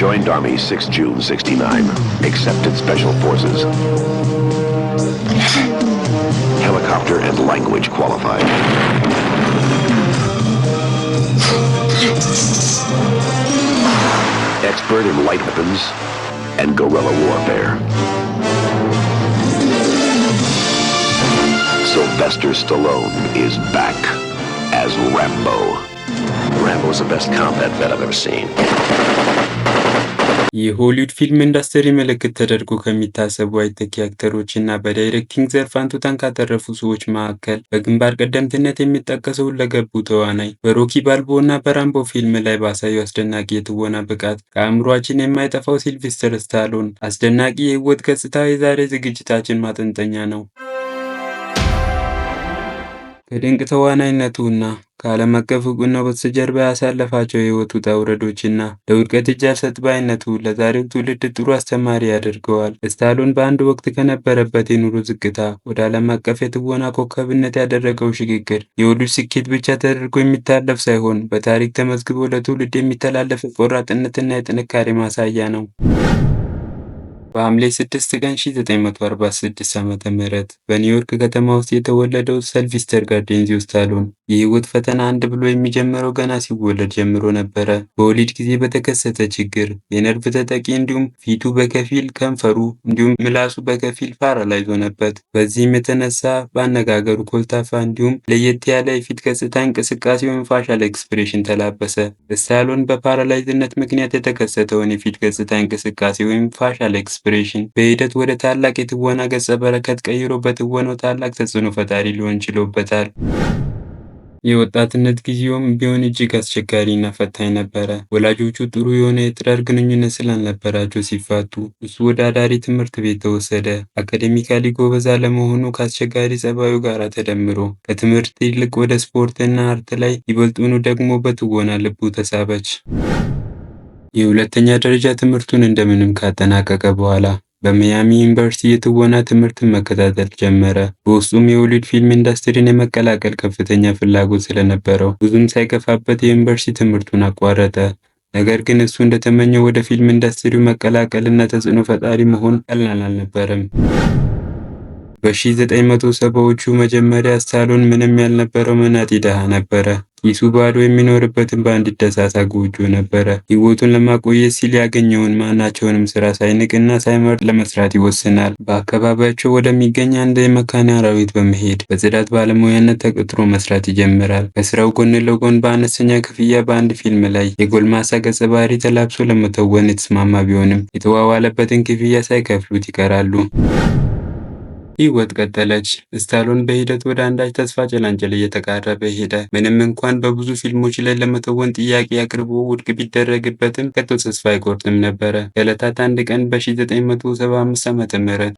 Joined Army 6 June 69. Accepted Special Forces. Helicopter and language qualified. Expert in light weapons and guerrilla warfare. Sylvester Stallone is back as Rambo. Rambo is the best combat vet I've ever seen. የሆሊውድ ፊልም ኢንዱስትሪ ምልክት ተደርጎ ከሚታሰቡ አይተኪ አክተሮች እና በዳይሬክቲንግ ዘርፍ አንቱታን ካተረፉ ሰዎች መካከል በግንባር ቀደምትነት የሚጠቀሰው ለገቡ ተዋናይ በሮኪ ባልቦ እና በራምቦ ፊልም ላይ ባሳዩ አስደናቂ የትወና ብቃት ከአእምሯችን የማይጠፋው ሲልቪስተር ስታሎን አስደናቂ የህይወት ገጽታ የዛሬ ዝግጅታችን ማጠንጠኛ ነው። ከድንቅ ተዋናይነቱ እና ከዓለም አቀፍ እውቅና በስተጀርባ ያሳለፋቸው የህይወት ውጣ ውረዶችና ለውድቀት እጅ አልሰጥ ባይነቱ ለዛሬው ትውልድ ጥሩ አስተማሪ ያደርገዋል። ስታሎን በአንድ ወቅት ከነበረበት የኑሮ ዝቅታ ወደ ዓለም አቀፍ የትወና ኮከብነት ያደረገው ሽግግር የወሉጅ ስኬት ብቻ ተደርጎ የሚታለፍ ሳይሆን በታሪክ ተመዝግቦ ለትውልድ የሚተላለፍ ቆራጥነትና የጥንካሬ ማሳያ ነው። በሐምሌ 6 ቀን 1946 ዓ.ም በኒውዮርክ ከተማ ውስጥ የተወለደው ሰልቪስተር ጋርዴንዚዮ ስታሎን የህይወት ፈተና አንድ ብሎ የሚጀምረው ገና ሲወለድ ጀምሮ ነበረ። በወሊድ ጊዜ በተከሰተ ችግር የነርቭ ተጠቂ እንዲሁም ፊቱ በከፊል ከንፈሩ እንዲሁም ምላሱ በከፊል ፓራላይዝ ሆነበት። በዚህም የተነሳ በአነጋገሩ ኮልታፋ እንዲሁም ለየት ያለ የፊት ገጽታ እንቅስቃሴ ወይም ፋሻል ኤክስፕሬሽን ተላበሰ። ስታሎን በፓራላይዝነት ምክንያት የተከሰተውን የፊት ገጽታ እንቅስቃሴ ወይም ፋሻል ኢንስፒሬሽን በሂደት ወደ ታላቅ የትወና ገጸ በረከት ቀይሮ በትወናው ታላቅ ተጽዕኖ ፈጣሪ ሊሆን ችሎበታል። የወጣትነት ጊዜውም ቢሆን እጅግ አስቸጋሪ እና ፈታኝ ነበረ። ወላጆቹ ጥሩ የሆነ የትዳር ግንኙነት ስላልነበራቸው ሲፋቱ፣ እሱ ወደ አዳሪ ትምህርት ቤት ተወሰደ። አካዴሚካሊ ጎበዝ አለመሆኑ ከአስቸጋሪ ጸባዩ ጋር ተደምሮ ከትምህርት ይልቅ ወደ ስፖርት እና አርት ላይ ይበልጡኑ ደግሞ በትወና ልቡ ተሳበች። የሁለተኛ ደረጃ ትምህርቱን እንደምንም ካጠናቀቀ በኋላ በሚያሚ ዩኒቨርሲቲ የትወና ትምህርትን መከታተል ጀመረ። በውስጡም የሆሊውድ ፊልም ኢንዱስትሪን የመቀላቀል ከፍተኛ ፍላጎት ስለነበረው ብዙም ሳይገፋበት የዩኒቨርሲቲ ትምህርቱን አቋረጠ። ነገር ግን እሱ እንደተመኘው ወደ ፊልም ኢንዱስትሪው መቀላቀልና ተጽዕኖ ፈጣሪ መሆን ቀላል አልነበረም። በ1970ዎቹ መጀመሪያ ሳሎን ምንም ያልነበረው መናጢ ድሃ ነበረ። ኪሱ ባዶ የሚኖርበትን በአንዲት ደሳሳ ጎጆ ነበረ። ሕይወቱን ለማቆየት ሲል ያገኘውን ማናቸውንም ስራ ሳይንቅና ሳይመርጥ ለመስራት ይወስናል። በአካባቢያቸው ወደሚገኝ አንድ የመካነ አራዊት በመሄድ በጽዳት ባለሙያነት ተቀጥሮ መስራት ይጀምራል። ከስራው ጎን ለጎን በአነስተኛ ክፍያ በአንድ ፊልም ላይ የጎልማሳ ገጸ ባህሪ ተላብሶ ለመተወን የተስማማ ቢሆንም የተዋዋለበትን ክፍያ ሳይከፍሉት ይቀራሉ። ህይወት ቀጠለች። ስታሎን በሂደት ወደ አንዳች ተስፋ ጭላንጭል እየተቃረበ ሄደ። ምንም እንኳን በብዙ ፊልሞች ላይ ለመተወን ጥያቄ አቅርቦ ውድቅ ቢደረግበትም ከቶ ተስፋ አይቆርጥም ነበረ። ከዕለታት አንድ ቀን በ1975 ዓ ም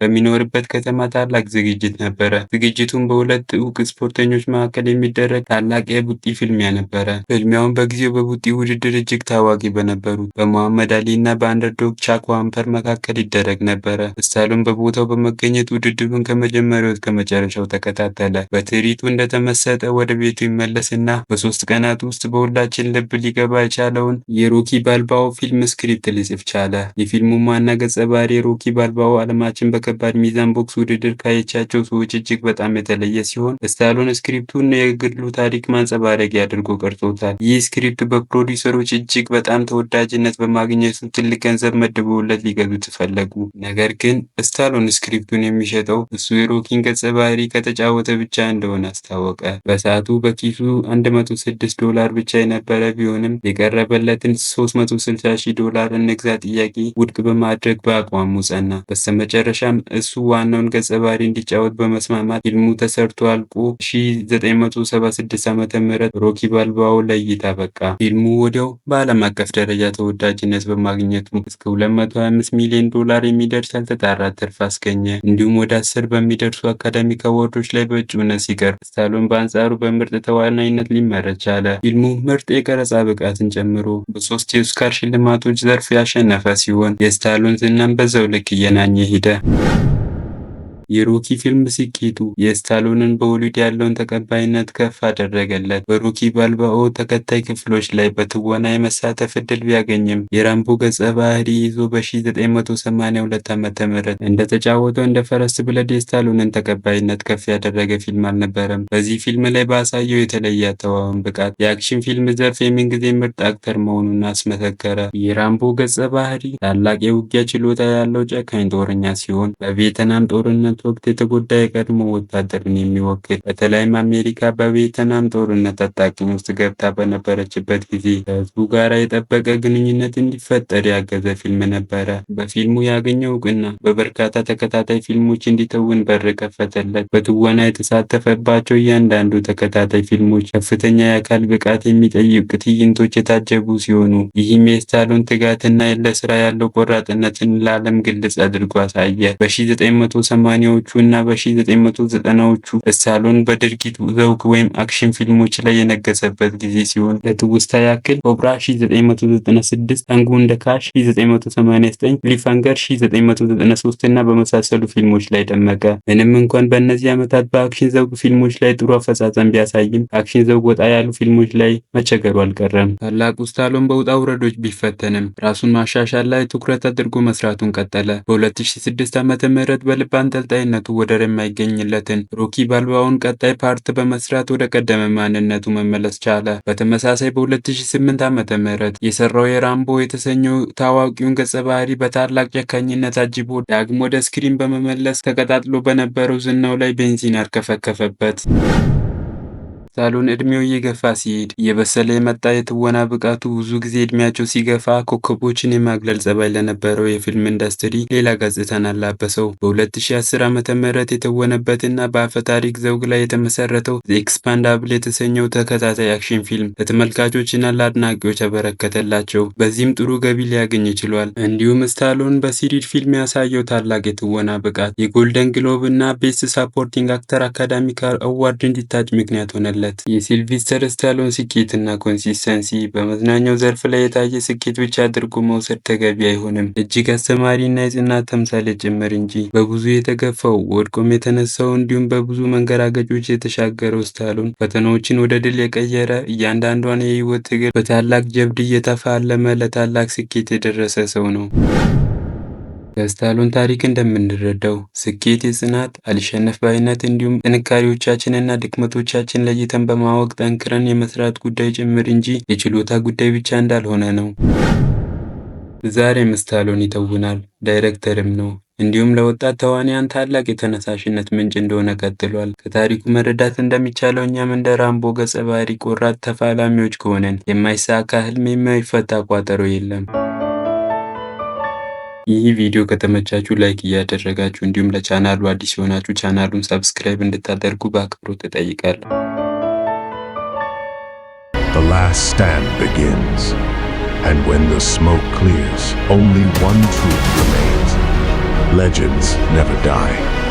በሚኖርበት ከተማ ታላቅ ዝግጅት ነበረ። ዝግጅቱም በሁለት እውቅ ስፖርተኞች መካከል የሚደረግ ታላቅ የቡጢ ፊልሚያ ነበረ። ፊልሚያውን በጊዜው በቡጢ ውድድር እጅግ ታዋቂ በነበሩት በመሐመድ አሊ እና በአንደርዶግ ቻክ ዋምፐር መካከል ይደረግ ነበረ። ስታሎን በቦታው በመገኘት ውድድሩን ከመጀመሪያው እስከ መጨረሻው ተከታተለ። በትርኢቱ እንደተመሰጠ ወደ ቤቱ ይመለስና በሶስት ቀናት ውስጥ በሁላችን ልብ ሊገባ የቻለውን የሮኪ ባልባው ፊልም ስክሪፕት ሊጽፍ ቻለ። የፊልሙ ዋና ገጸ ባህሪ ሮኪ ባልባው ዓለማችን በከባድ ሚዛን ቦክስ ውድድር ካየቻቸው ሰዎች እጅግ በጣም የተለየ ሲሆን ስታሎን ስክሪፕቱን የግሉ ታሪክ ማንጸባረቂያ አድርጎ ቀርጾታል። ይህ ስክሪፕት በፕሮዲሰሮች እጅግ በጣም ተወዳጅነት በማግኘቱ ትልቅ ገንዘብ መድበውለት ሊገዙት ፈለጉ። ነገር ግን ስታሎን ስክሪፕቱን የሚሸጠው እሱ የሮኪን ገጸ ባህሪ ከተጫወተ ብቻ እንደሆነ አስታወቀ። በሰዓቱ በኪሱ 106 ዶላር ብቻ የነበረ ቢሆንም የቀረበለትን 360 ዶላር እንግዛ ጥያቄ ውድቅ በማድረግ በአቋሙ ጸና። በስተመጨረሻም እሱ ዋናውን ገጸ ባህሪ እንዲጫወት በመስማማት ፊልሙ ተሰርቶ አልቆ 1976 ዓ ም ሮኪ ባልባው ለእይታ በቃ። ፊልሙ ወዲያው በዓለም አቀፍ ደረጃ ተወዳጅነት በማግኘቱ እስከ 225 ሚሊዮን ዶላር የሚደርስ ያልተጣራ ትርፍ አስገኘ። እንዲሁም ወደ ስር በሚደርሱ አካዳሚክ አዋርዶች ላይ በእጩነት ሲቀርብ ስታሎን በአንጻሩ በምርጥ ተዋናይነት ሊመረጥ ቻለ። ፊልሙ ምርጥ የቀረጻ ብቃትን ጨምሮ በሶስት የኦስካር ሽልማቶች ዘርፍ ያሸነፈ ሲሆን የስታሎን ዝናም በዛው ልክ እየናኘ ሄደ። የሮኪ ፊልም ስኬቱ የስታሎንን በሆሊውድ ያለውን ተቀባይነት ከፍ አደረገለት። በሮኪ ባልባኦ ተከታይ ክፍሎች ላይ በትወና የመሳተፍ እድል ቢያገኝም የራምቦ ገጸ ባህሪ ይዞ በ1982 ዓ ም እንደተጫወተው እንደ ፈረስ ብለድ የስታሎንን ተቀባይነት ከፍ ያደረገ ፊልም አልነበረም። በዚህ ፊልም ላይ ባሳየው የተለየ አተዋውን ብቃት የአክሽን ፊልም ዘርፍ የምንጊዜ ምርጥ አክተር መሆኑን አስመሰከረ። የራምቦ ገጸ ባህሪ ታላቅ የውጊያ ችሎታ ያለው ጨካኝ ጦረኛ ሲሆን በቬትናም ጦርነት ጦርነት ወቅት የተጎዳ የቀድሞ ወታደርን የሚወክል በተለይም አሜሪካ በቬትናም ጦርነት አጣቂም ውስጥ ገብታ በነበረችበት ጊዜ ከህዝቡ ጋር የጠበቀ ግንኙነት እንዲፈጠር ያገዘ ፊልም ነበረ። በፊልሙ ያገኘው እውቅና በበርካታ ተከታታይ ፊልሞች እንዲተውን በር ከፈተለት። በትወና የተሳተፈባቸው እያንዳንዱ ተከታታይ ፊልሞች ከፍተኛ የአካል ብቃት የሚጠይቅ ትዕይንቶች የታጀቡ ሲሆኑ ይህም የስታሎን ትጋትና ለስራ ያለው ቆራጥነትን ለዓለም ግልጽ አድርጎ አሳየ። በ1980 በ1980ዎቹ እና በ1990ዎቹ ሳሎን በድርጊት ዘውግ ወይም አክሽን ፊልሞች ላይ የነገሰበት ጊዜ ሲሆን ለትውስታ ያክል ኮብራ 1996፣ ታንጎ እንደ ካሽ 1989፣ ሊፋንገር 1993 እና በመሳሰሉ ፊልሞች ላይ ደመቀ። ምንም እንኳን በእነዚህ ዓመታት በአክሽን ዘውግ ፊልሞች ላይ ጥሩ አፈጻጸም ቢያሳይም አክሽን ዘውግ ወጣ ያሉ ፊልሞች ላይ መቸገሩ አልቀረም። ታላቁ ስታሎን በውጣ ውረዶች ቢፈተንም ራሱን ማሻሻል ላይ ትኩረት አድርጎ መስራቱን ቀጠለ። በ2006 ዓ.ም በልብ አንጠልጣይ በቀጣይነቱ ወደር የማይገኝለትን ሮኪ ባልባውን ቀጣይ ፓርት በመስራት ወደ ቀደመ ማንነቱ መመለስ ቻለ። በተመሳሳይ በ2008 ዓ ም የሰራው የራምቦ የተሰኘው ታዋቂውን ገጸ ባህሪ በታላቅ ጨካኝነት አጅቦ ዳግም ወደ ስክሪን በመመለስ ተቀጣጥሎ በነበረው ዝናው ላይ ቤንዚን አርከፈከፈበት። ሳሎን እድሜው እየገፋ ሲሄድ እየበሰለ የመጣ የትወና ብቃቱ ብዙ ጊዜ እድሜያቸው ሲገፋ ኮከቦችን የማግለል ጸባይ ለነበረው የፊልም ኢንዱስትሪ ሌላ ገጽታን አላበሰው። በ2010 ዓ ም የተወነበትና በአፈ ታሪክ ዘውግ ላይ የተመሰረተው ኤክስፓንዳብል የተሰኘው ተከታታይ አክሽን ፊልም ለተመልካቾችና ለአድናቂዎች ያበረከተላቸው በዚህም ጥሩ ገቢ ሊያገኝ ችሏል። እንዲሁም ስታሎን በሲሪድ ፊልም ያሳየው ታላቅ የትወና ብቃት የጎልደን ግሎብ እና ቤስት ሳፖርቲንግ አክተር አካዳሚ አዋርድ እንዲታጭ ምክንያት ሆነለ። ተሳካለት። የሲልቪስተር ስታሎን ስኬትና ኮንሲስተንሲ በመዝናኛው ዘርፍ ላይ የታየ ስኬት ብቻ አድርጎ መውሰድ ተገቢ አይሆንም። እጅግ አስተማሪና የጽናት ተምሳሌ ጭምር እንጂ። በብዙ የተገፋው ወድቆም የተነሳው እንዲሁም በብዙ መንገራገጮች የተሻገረው ስታሎን ፈተናዎችን ወደ ድል የቀየረ እያንዳንዷን የህይወት ትግል በታላቅ ጀብድ እየተፋለመ ለታላቅ ስኬት የደረሰ ሰው ነው። በስታሎን ታሪክ እንደምንረዳው ስኬት የጽናት አልሸነፍ ባይነት እንዲሁም ጥንካሬዎቻችንና ድክመቶቻችን ለይተን በማወቅ ጠንክረን የመስራት ጉዳይ ጭምር እንጂ የችሎታ ጉዳይ ብቻ እንዳልሆነ ነው። ዛሬም ስታሎን ይተውናል፣ ዳይሬክተርም ነው። እንዲሁም ለወጣት ተዋንያን ታላቅ የተነሳሽነት ምንጭ እንደሆነ ቀጥሏል። ከታሪኩ መረዳት እንደሚቻለው እኛም እንደ ራምቦ ገጸ ባህሪ ቆራጥ ተፋላሚዎች ከሆነን የማይሳካ ህልም፣ የማይፈታ ቋጠሮ የለም። ይህ ቪዲዮ ከተመቻችሁ ላይክ እያደረጋችሁ እንዲሁም ለቻናሉ አዲስ የሆናችሁ ቻናሉን ሰብስክራይብ እንድታደርጉ በአክብሮት እጠይቃለሁ። The last stand begins, and when the smoke clears, only one truth remains. Legends never die.